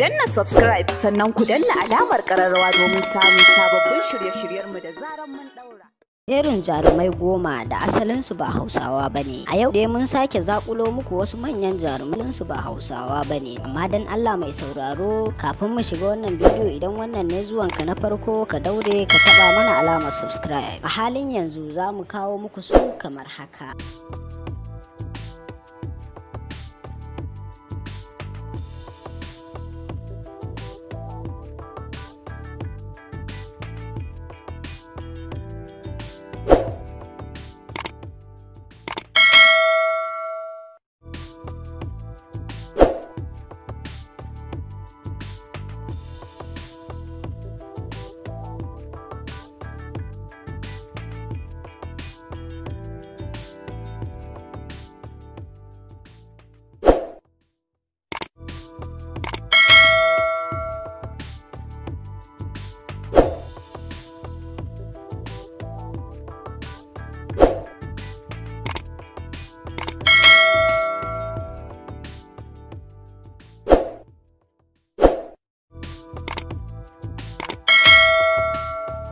danna subscribe sannan ku danna alamar kararrawa domin samun sababbin shirye-shiryenmu da zaran mun daura. Irin jarumai goma da asalinsu ba hausawa ba ne a yau dai mun sake zakulo muku wasu manyan jarumai. jarumansu ba hausawa ba ne amma dan allah mai sauraro kafin mu shiga wannan bidiyo idan wannan ne zuwanka na farko ka daure ka taba mana alamar subscribe a halin yanzu za mu kawo muku su kamar haka